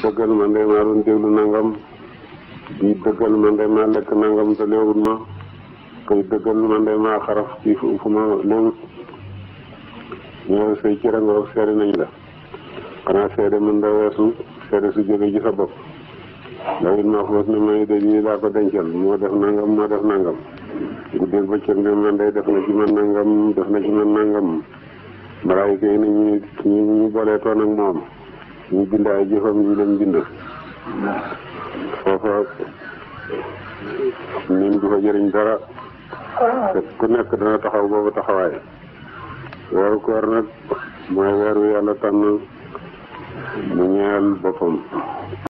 dëggal man de maa doon déglu nangam kii dëggal man de maa lekk nangam te léewut ma kay dëggal man de maa xaraf ci fu ma léewut ñoo say cërangoog seede nañ la xanaa seede mën da weesu seede su jóge ci sa bopp ndax it maa foos ne may de ñii laa ko dencal moo def nangam moo def nangam day def na ci man nangam def yi ne ñu ñu boolee toon moo moom ñu bind ay jëfam yi leen bind foofa nin du fa jëriñ dara ku nekk dana taxaw boobu taxawaay weeru koor nag mooy weer wi yàlla tànn mu ñeel boppam